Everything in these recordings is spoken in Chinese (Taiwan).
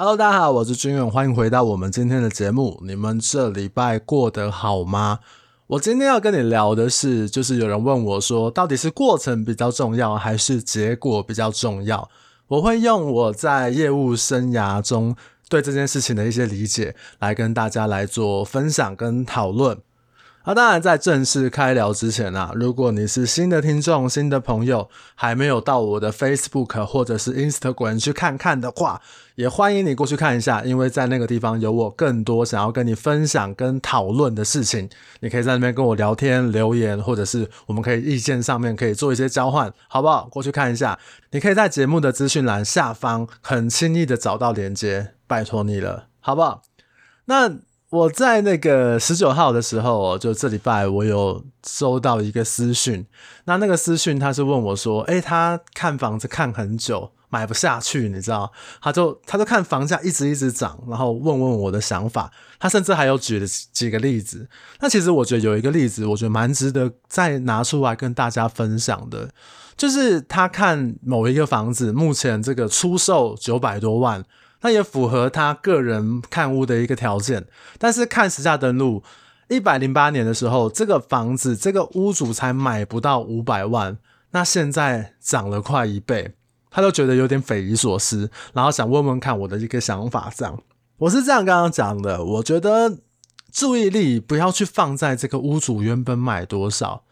Hello，大家好，我是君遠，歡迎回到我們今天的節目。你們這禮拜過得好嗎？我今天要跟你聊的是，就是有人問我說，到底是過程比較重要，還是結果比較重要？我會用我在業務生涯中對這件事情的一些理解，來跟大家來做分享跟討論。啊，當然，在正式開聊之前啊，如果你是新的聽眾、新的朋友，還沒有到我的 Facebook 或者是 Instagram 去看看的話，也歡迎你過去看一下，因為在那個地方有我更多想要跟你分享跟討論的事情，你可以在那邊跟我聊天、留言，或者是我們可以意見上面可以做一些交換，好不好？過去看一下，你可以在節目的資訊欄下方很輕易的找到連接，拜託你了，好不好？那。我在那個十九號的時候，就這禮拜我有收到一個私訊。那那個私訊他是問我說：“欸，他看房子看很久，買不下去，你知道？他就他就看房價一直一直漲，然後問問我的想法。他甚至還有舉了幾、幾個例子。那其實我覺得有一個例子，我覺得蠻值得再拿出來跟大家分享的，就是他看某一個房子，目前這個出售九百多萬。”那也符合他個人看屋的一個條件，但是看實價登錄一百零八年的時候，這個房子這個屋主才買不到五百萬，那現在漲了快一倍，他都覺得有點匪夷所思，然後想問問看我的一個想法。這樣我是這樣剛剛講的，我覺得注意力不要去放在這個屋主原本買多少。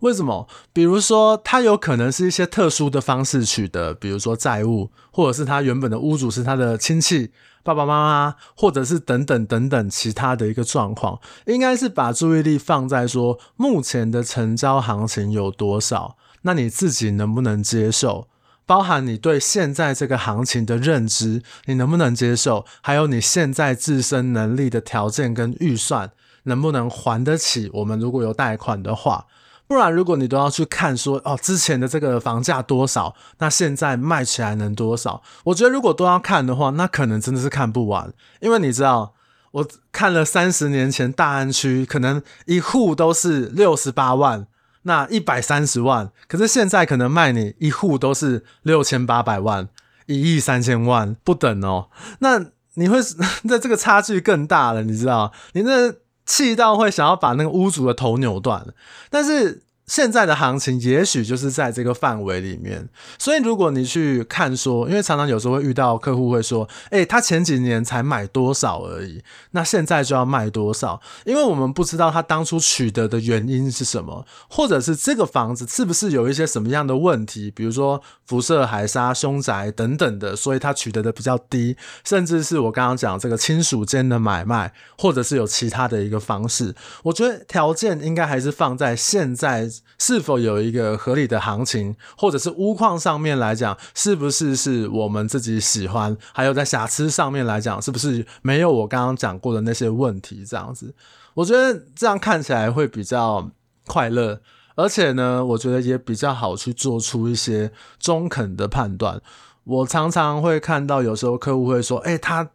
為什麼？比如說，他有可能是一些特殊的方式取得，比如說債務，或者是他原本的屋主是他的親戚、爸爸媽媽，或者是等等等等其他的一個狀況。應該是把注意力放在說，目前的成交行情有多少？那你自己能不能接受？包含你對現在這個行情的認知，你能不能接受？還有你現在自身能力的條件跟預算，能不能還得起？我們如果有貸款的話。不然，如果你都要去看說，說哦，之前的這個房價多少，那現在賣起來能多少？我覺得如果都要看的話，那可能真的是看不完。因為你知道，我看了三十年前大安區，可能一戶都是六十八萬，那一百三十萬，可是現在可能賣你一戶都是六千八百萬，一億三千萬不等哦。那你會那這個差距更大了，你知道？你那。氣到會想要把那個屋主的頭扭斷，但是，現在的行情也許就是在這個範圍裡面，所以如果你去看說，因為常常有時候會遇到客戶會說，哎、欸，他前幾年才買多少而已，那現在就要賣多少？因為我們不知道他當初取得的原因是什麼，或者是這個房子是不是有一些什麼樣的問題，比如說輻射、海沙、凶宅等等的，所以他取得的比較低，甚至是我剛剛講這個親屬間的買賣，或者是有其他的一個方式，我覺得條件應該還是放在現在。是否有一個合理的行情，或者是屋況上面來講，是不是是我們自己喜歡？還有在瑕疵上面來講，是不是沒有我剛剛講過的那些問題？這樣子，我覺得這樣看起來會比較快樂，而且呢，我覺得也比較好去做出一些中肯的判斷。我常常會看到，有時候客戶會說：“誒、欸，他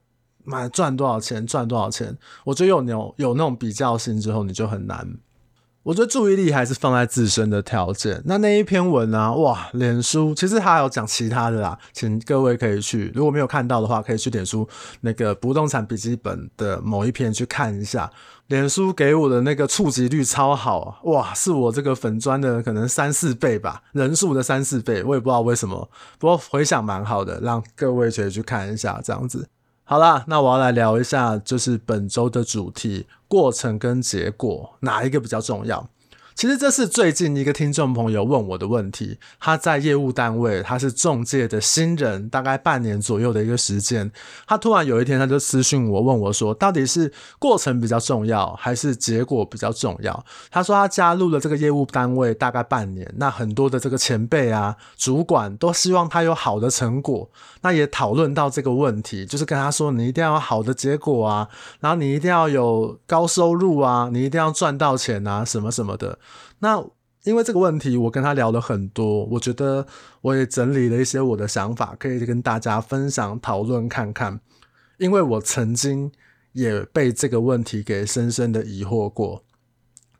買賺多少錢，賺多少錢？”我覺得有有有那種比較性之後，你就很難。我覺得注意力還是放在自身的條件。那那一篇文啊，哇，臉書其實他還有講其他的啦，請各位可以去，如果沒有看到的話，可以去臉書那個不動產筆記本的某一篇去看一下。臉書給我的那個觸及率超好啊，哇，是我這個粉專的可能三四倍吧，人數的三四倍，我也不知道為什麼。不過回響蠻好的，讓各位可以去看一下，這樣子。好啦，那我要來聊一下，就是本週的主題，過程跟結果，哪一個比較重要？其實這是最近一個聽眾朋友問我的問題。他在業務單位，他是仲介的新人，大概半年左右的一個時間。他突然有一天，他就私訊我，問我說：“到底是過程比較重要，還是結果比較重要？”他說他加入了這個業務單位大概半年，那很多的這個前輩啊、主管都希望他有好的成果。那也討論到這個問題，就是跟他說：“你一定要有好的結果啊，然後你一定要有高收入啊，你一定要賺到錢啊，什麼什麼的。”那因為這個問題，我跟他聊了很多，我覺得我也整理了一些我的想法，可以跟大家分享討論看看。因為我曾經也被這個問題給深深的疑惑過，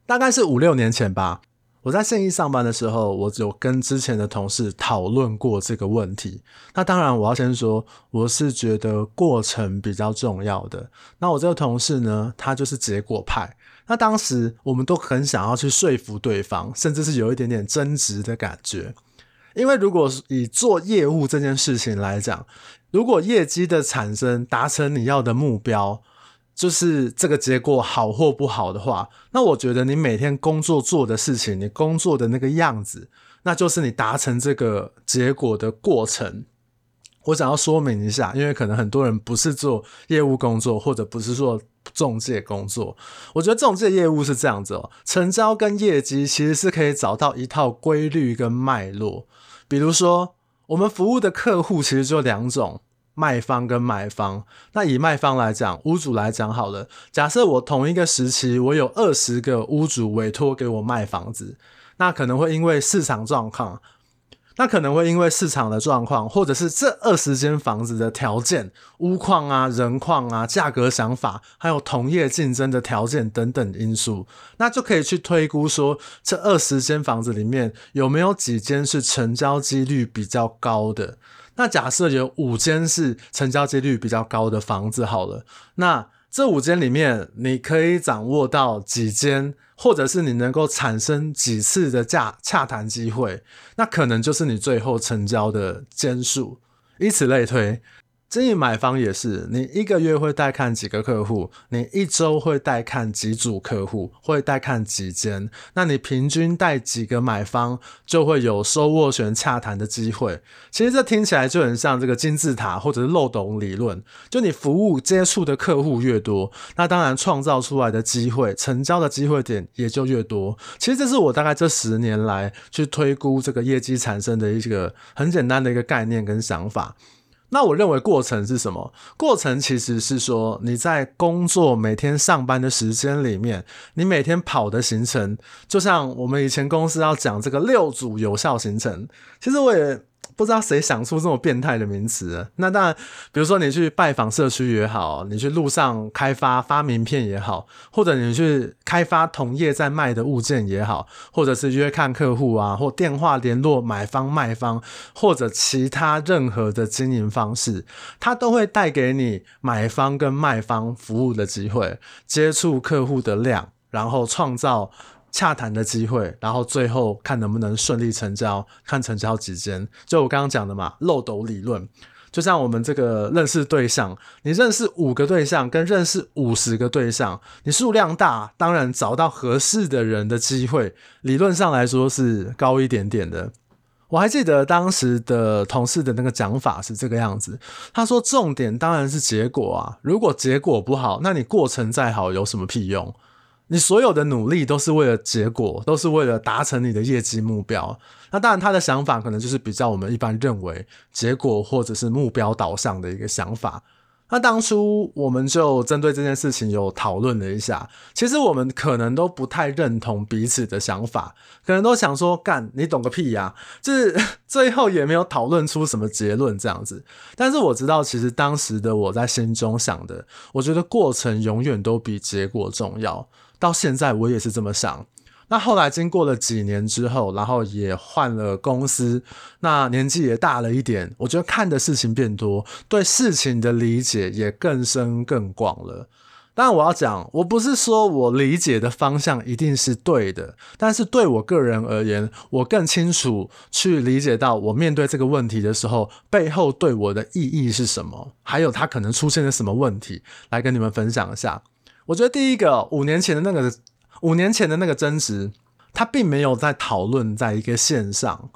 大概是五六年前吧。我在現一上班的時候，我有跟之前的同事討論過這個問題。那當然，我要先說，我是覺得過程比較重要的。那我這個同事呢，他就是結果派。那當時我們都很想要去說服對方，甚至是有一點點爭執的感覺。因為如果以做業務這件事情來講，如果業績的產生達成你要的目標，就是這個結果好或不好的話，那我覺得你每天工作做的事情，你工作的那個樣子，那就是你達成這個結果的過程。我想要說明一下，因為可能很多人不是做業務工作，或者不是做中介工作。我覺得中介業務是這樣子哦、喔，成交跟業績其實是可以找到一套規律跟脈絡。比如說，我們服務的客戶其實就兩種，賣方跟買方。那以賣方來講，屋主來講好了。假設我同一個時期，我有二十個屋主委託給我賣房子，那可能會因為市場狀況。那可能會因為市場的狀況，或者是這二十間房子的條件、屋況啊、人況啊、價格想法，還有同業競爭的條件等等因素，那就可以去推估說，這二十間房子裡面有沒有幾間是成交機率比較高的。那假設有五間是成交機率比較高的房子，好了，那。這五間裡面，你可以掌握到幾間，或者是你能夠產生幾次的價洽談機會，那可能就是你最後成交的間數，以此類推。至於買方也是，你一個月會帶看幾個客戶，你一周會帶看幾組客戶，會帶看幾間，那你平均帶幾個買方，就會有收斡旋洽談的機會。其實這聽起來就很像這個金字塔或者是漏斗理論，就你服務接觸的客戶越多，那當然創造出來的機會、成交的機會點也就越多。其實這是我大概這十年來去推估這個業績產生的一個很簡單的一個概念跟想法。那我認為過程是什麼？過程其實是說你在工作每天上班的時間裡面，你每天跑的行程，就像我們以前公司要講這個六組有效行程，其實我也。不知道誰想出這麼變態的名詞。那當然，比如說你去拜訪社區也好，你去路上開發發名片也好，或者你去開發同業在賣的物件也好，或者是約看客戶啊，或電話聯絡買方賣方，或者其他任何的經營方式，它都會帶給你買方跟賣方服務的機會，接觸客戶的量，然後創造。洽談的機會，然後最後看能不能順利成交，看成交幾間。就我剛剛講的嘛，漏斗理論，就像我們這個認識對象，你認識五個對象跟認識五十個對象，你數量大，當然找到合適的人的機會，理論上來說是高一點點的。我還記得當時的同事的那個講法是這個樣子，他說：“重點當然是結果啊，如果結果不好，那你過程再好有什麼屁用？”你所有的努力都是為了結果，都是為了達成你的業績目標。那當然，他的想法可能就是比較我們一般認為結果或者是目標導向的一個想法。那當初我們就針對這件事情有討論了一下，其實我們可能都不太認同彼此的想法，可能都想說幹，你懂個屁呀！就是最後也沒有討論出什麼結論這樣子。但是我知道，其實當時的我在心中想的，我覺得過程永遠都比結果重要。到現在我也是這麼想。那後來經過了幾年之後，然後也換了公司，那年紀也大了一點，我覺得看的事情變多，對事情的理解也更深更廣了。但我要講，我不是說我理解的方向一定是對的，但是對我個人而言，我更清楚去理解到我面對這個問題的時候，背後對我的意義是什麼，還有它可能出現了什麼問題，來跟你們分享一下。我覺得第一個，五年前的那個，五年前的那個爭執，他並沒有在討論在一個線上，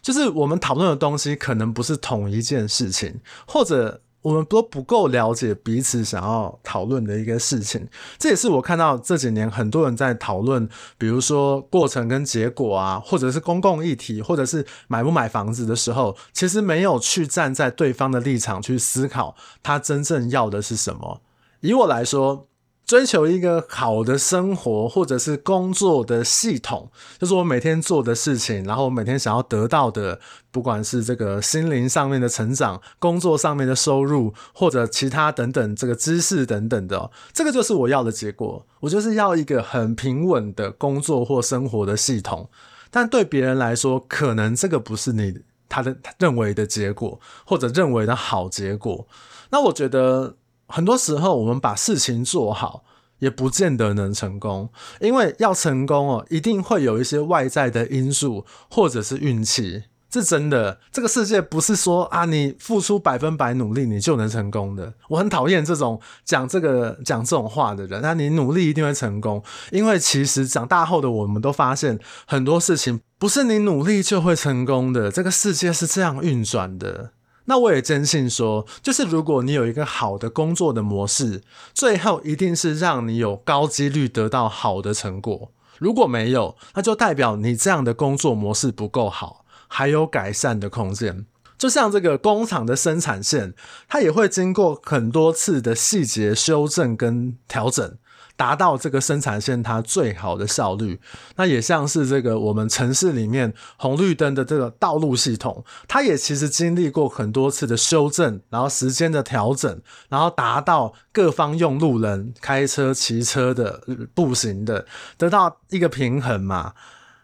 就是我們討論的東西可能不是同一件事情，或者我們都不夠了解彼此想要討論的一個事情。這也是我看到這幾年很多人在討論，比如說過程跟結果啊，或者是公共議題，或者是買不買房子的時候，其實沒有去站在對方的立場去思考他真正要的是什麼。以我來說。追求一個好的生活，或者是工作的系統，就是我每天做的事情，然後我每天想要得到的，不管是這個心靈上面的成長，工作上面的收入，或者其他等等這個知識等等的、喔，這個就是我要的結果。我就是要一個很平穩的工作或生活的系統。但對別人來說，可能這個不是你他的認為的結果，或者認為的好結果。那我覺得。很多時候，我們把事情做好，也不見得能成功。因為要成功哦，一定會有一些外在的因素，或者是運氣，是真的。這個世界不是說啊，你付出百分百努力，你就能成功的。我很討厭這種講這個講這種話的人。那，啊，你努力一定會成功，因為其實長大後的我們都發現，很多事情不是你努力就會成功的。這個世界是這樣運轉的。那我也堅信說，就是如果你有一個好的工作的模式，最後一定是讓你有高幾率得到好的成果。如果沒有，那就代表你這樣的工作模式不夠好，還有改善的空間。就像這個工廠的生產線，它也會經過很多次的細節修正跟調整。達到這個生產線它最好的效率，那也像是這個我們城市裡面紅綠燈的這個道路系統，它也其實經歷過很多次的修正，然後時間的調整，然後達到各方用路人開車、騎車的、呃、步行的，得到一個平衡嘛。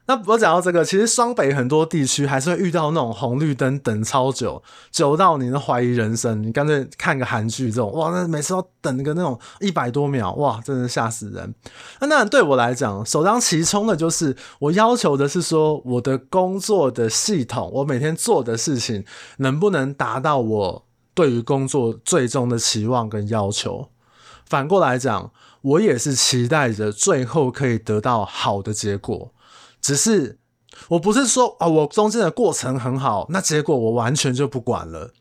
那我講到這個，其實雙北很多地區還是會遇到那種紅綠燈等超久，久到你都懷疑人生，你乾脆看個韓劇這種。哇，那每次都等個那種一百多秒，哇，真的嚇死人。那對我來講，首當其衝的就是我要求的是說，我的工作的系統，我每天做的事情能不能達到我對於工作最終的期望跟要求？反過來講，我也是期待着最後可以得到好的結果。只是，我不是說啊、哦，我中間的過程很好，那結果我完全就不管了。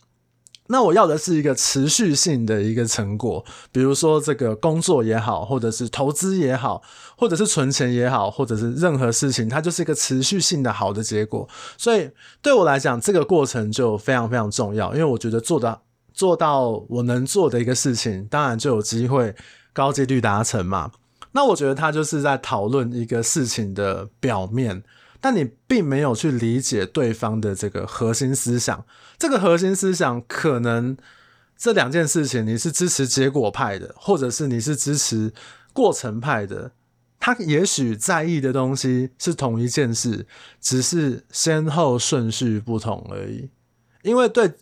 那我要的是一個持續性的一個成果，比如說這個工作也好，或者是投資也好，或者是存錢也好，或者是任何事情，它就是一個持續性的好的結果。所以對我來講，這個過程就非常非常重要，因為我覺得做到做到我能做的一個事情，當然就有機會高幾率達成嘛。那我覺得他就是在討論一個事情的表面，但你並沒有去理解對方的這個核心思想。這個核心思想可能這兩件事情你是支持結果派的，或者是你是支持過程派的。他也許在意的東西是同一件事，只是先後順序不同而已。因為對。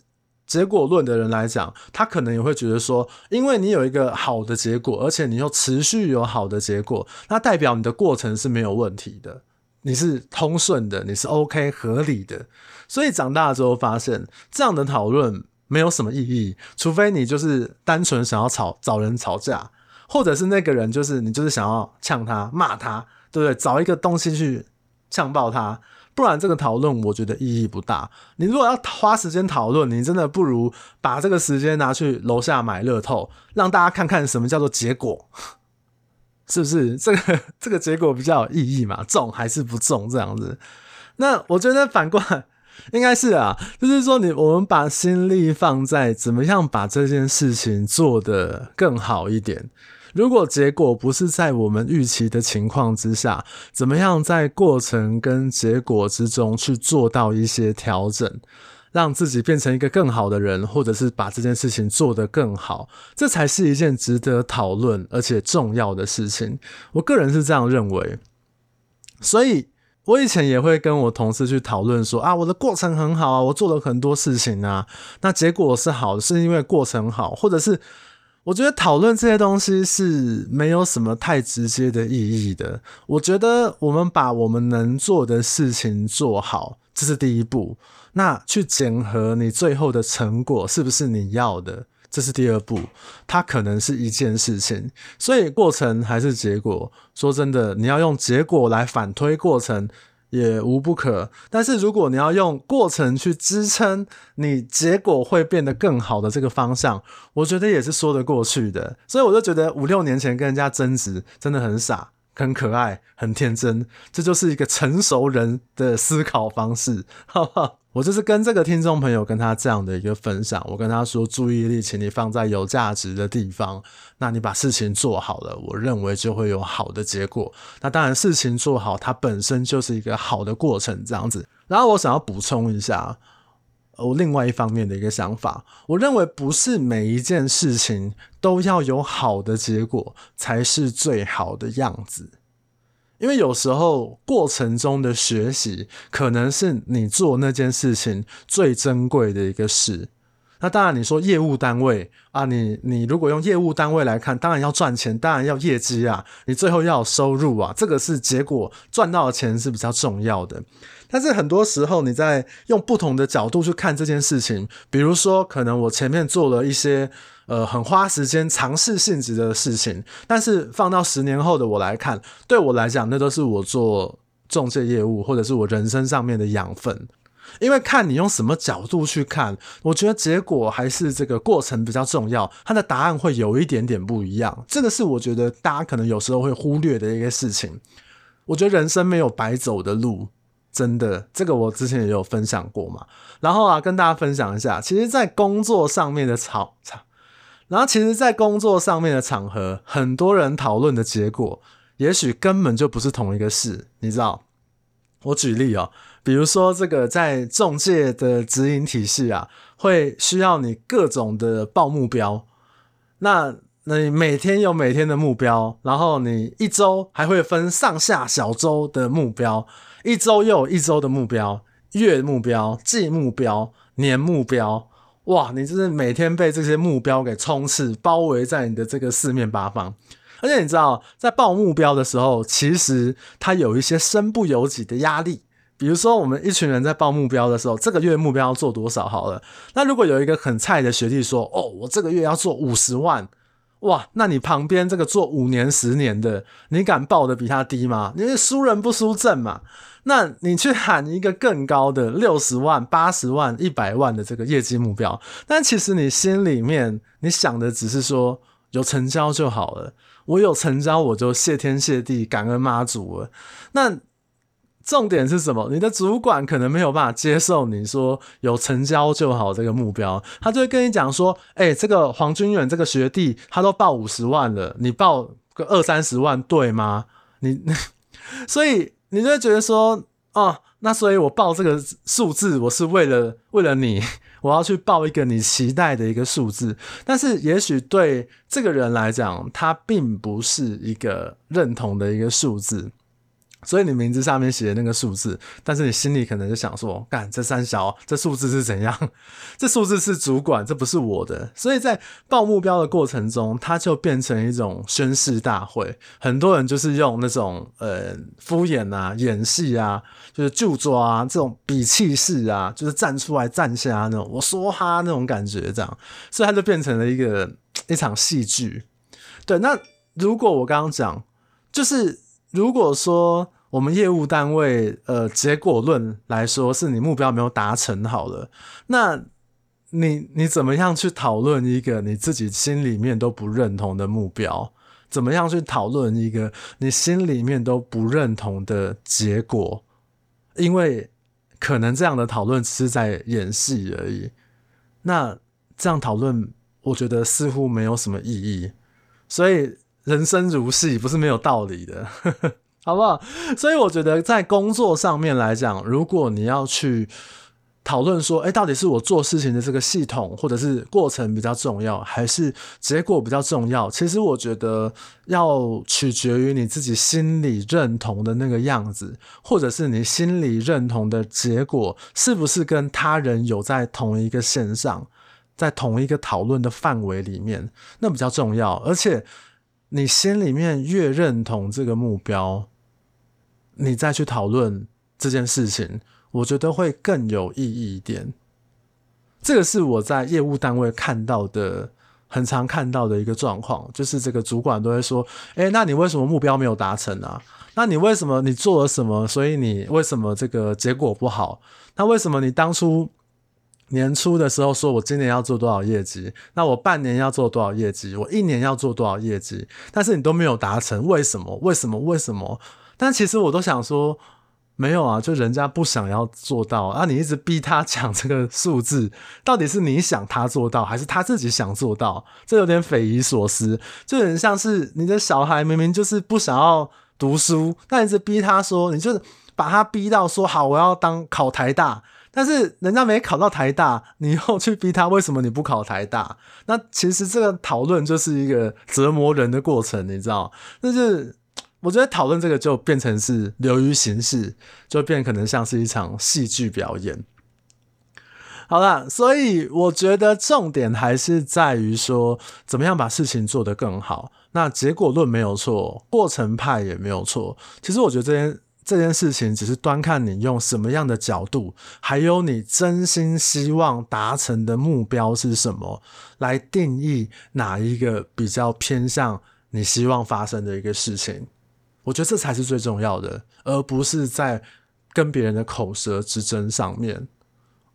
結果論的人來講，他可能也會覺得說，因為你有一個好的結果，而且你又持續有好的結果，那代表你的過程是沒有問題的，你是通順的，你是 OK 合理的。所以長大之後發現，這樣的討論沒有什麼意義，除非你就是單純想要吵找人吵架，或者是那個人就是你就是想要嗆他罵他，對不對？找一個東西去嗆爆他。不然這個討論我覺得意義不大。你如果要花時間討論，你真的不如把這個時間拿去樓下買樂透，讓大家看看什麼叫做結果，是不是？這個這個結果比較有意義嘛？中還是不中這樣子？那我覺得反觀應該是啊，就是說你我們把心力放在怎麼樣把這件事情做得更好一點。如果結果不是在我們預期的情況之下，怎麼樣在過程跟結果之中去做到一些調整，讓自己變成一個更好的人，或者是把這件事情做得更好，這才是一件值得討論而且重要的事情。我個人是這樣認為，所以我以前也會跟我同事去討論說啊，我的過程很好啊，我做了很多事情啊，那結果是好的，是因為過程好，或者是。我覺得討論這些東西是沒有什麼太直接的意義的。我覺得我們把我們能做的事情做好，這是第一步。那去檢核你最後的成果是不是你要的，這是第二步。它可能是一件事情，所以過程還是結果。說真的，你要用結果來反推過程。也無不可，但是如果你要用過程去支撐你結果會變得更好的這個方向，我覺得也是說得過去的。所以我就覺得五六年前跟人家爭執真的很傻。很可愛，很天真，這就是一個成熟人的思考方式，好不好？我就是跟這個聽眾朋友跟他這樣的一個分享，我跟他說：注意力，請你放在有價值的地方。那你把事情做好了，我認為就會有好的結果。那當然，事情做好，它本身就是一個好的過程，這樣子。然後我想要補充一下。哦，另外一方面的一個想法，我認為不是每一件事情都要有好的結果才是最好的樣子，因為有時候過程中的學習，可能是你做那件事情最珍貴的一個事。那當然，你說業務單位啊，你你如果用業務單位來看，當然要賺錢，當然要業績啊，你最後要有收入啊，這個是結果，賺到的錢是比較重要的。但是很多時候，你在用不同的角度去看這件事情，比如說，可能我前面做了一些呃很花時間嘗試性質的事情，但是放到十年後的我來看，對我來講，那都是我做仲介業務或者是我人生上面的養分。因為看你用什麼角度去看，我覺得結果還是這個過程比較重要，它的答案會有一點點不一樣。這個是我覺得大家可能有時候會忽略的一個事情。我覺得人生沒有白走的路，真的，這個我之前也有分享過嘛。然後啊，跟大家分享一下，其實在工作上面的場場，然後其實在工作上面的場合，很多人討論的結果，也許根本就不是同一個事，你知道？我舉例哦。比如說，這個在仲介的指引體系啊，會需要你各種的報目標。那，你每天有每天的目標，然後你一周還會分上下小周的目標，一周又有一周的目標，月目標、季目標、年目標。哇，你就是每天被這些目標給充斥包圍在你的這個四面八方。而且你知道，在報目標的時候，其實它有一些身不由己的壓力。比如說，我們一群人在報目標的時候，這個月目標要做多少好了？那如果有一個很菜的學弟說：“哦，我這個月要做五十萬，哇！”那你旁邊這個做五年、十年的，你敢報的比他低嗎？你是輸人不輸陣嘛？那你去喊一個更高的六十萬、八十萬、一百萬的這個業績目標，但其實你心裡面你想的只是說有成交就好了，我有成交我就謝天謝地、感恩媽祖了。那。重點是什麼？你的主管可能沒有辦法接受你說有成交就好這個目標，他就會跟你講說：“哎、欸，這個黃君遠這個學弟，他都報五十萬了，你報個二三十萬，對嗎？”你， 所以你就會覺得說：“哦，那所以我報這個數字，我是為了為了你，我要去報一個你期待的一個數字。”但是也許對這個人來講，他並不是一個認同的一個數字。所以你名字上面寫的那個數字，但是你心裡可能就想說，幹，這三小，這數字是怎樣？這數字是主管，這不是我的。所以在報目標的過程中，它就變成一種宣誓大會。很多人就是用那種呃敷衍啊、演戲啊，就是就抓啊，這種比氣勢啊，就是站出來站下那種，我說哈那種感覺這樣，所以它就變成了一個一場戲劇。對，那如果我剛剛講就是。如果說我們業務單位，呃，結果論來說，是你目標沒有達成好了，那你你怎麼樣去討論一個你自己心裡面都不認同的目標？怎麼樣去討論一個你心裡面都不認同的結果？因為可能這樣的討論只是在演戲而已。那這樣討論，我覺得似乎沒有什麼意義。所以。人生如戲，不是沒有道理的呵呵，好不好？所以我覺得，在工作上面來講，如果你要去討論說，欸，到底是我做事情的這個系統，或者是過程比較重要，還是結果比較重要？其實我覺得要取決於你自己心裡認同的那個樣子，或者是你心裡認同的結果是不是跟他人有在同一個線上，在同一個討論的範圍裡面，那比較重要，而且。你心裡面越認同這個目標，你再去討論這件事情，我覺得會更有意義一點。這個是我在業務單位看到的，很常看到的一個狀況，就是這個主管都會說：“誒，那你為什麼目標沒有達成啊？那你為什麼你做了什麼？所以你為什麼這個結果不好？那為什麼你當初？”年初的時候說，我今年要做多少業績？那我半年要做多少業績？我一年要做多少業績？但是你都沒有達成，為什麼？為什麼？為什麼？但其實我都想說，沒有啊，就人家不想要做到啊，你一直逼他講這個數字，到底是你想他做到，還是他自己想做到？這有點匪夷所思，就有點像是你的小孩明明就是不想要讀書，但一直逼他說，你就把他逼到說好，我要當考台大。但是人家沒考到台大，你又去逼他，為什麼你不考台大？那其實這個討論就是一個折磨人的過程，你知道？但、就是我覺得討論這個就變成是流於形式，就變可能像是一場戲劇表演。好了，所以我覺得重點還是在於說，怎麼樣把事情做得更好。那結果論沒有錯，過程派也沒有錯。其實我覺得這件。這件事情只是端看你用什麼樣的角度，還有你真心希望達成的目標是什麼，來定義哪一個比較偏向你希望發生的一個事情。我覺得這才是最重要的，而不是在跟別人的口舌之爭上面。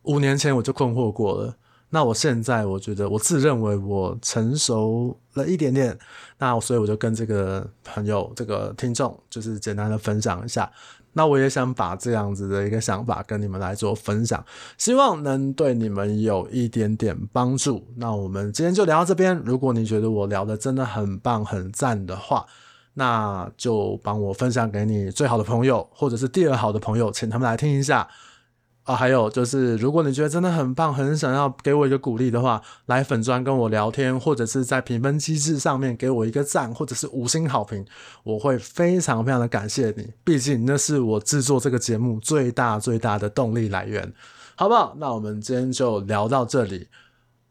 五年前我就困惑過了。那我現在我覺得我自認為我成熟了一點點，那所以我就跟這個朋友、這個聽眾，就是簡單的分享一下。那我也想把這樣子的一個想法跟你們來做分享，希望能對你們有一點點幫助。那我們今天就聊到這邊。如果你覺得我聊的真的很棒、很讚的話，那就幫我分享給你最好的朋友，或者是第二好的朋友，請他們來聽一下。啊，還有就是，如果你覺得真的很棒，很想要給我一個鼓勵的話，來粉專跟我聊天，或者是在評分機制上面給我一個贊，或者是五星好評，我會非常非常的感謝你，畢竟那是我製作這個節目最大最大的動力來源，好不好？那我們今天就聊到這裡，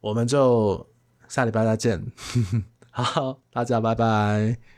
我們就下禮拜再見， 好，大家拜拜。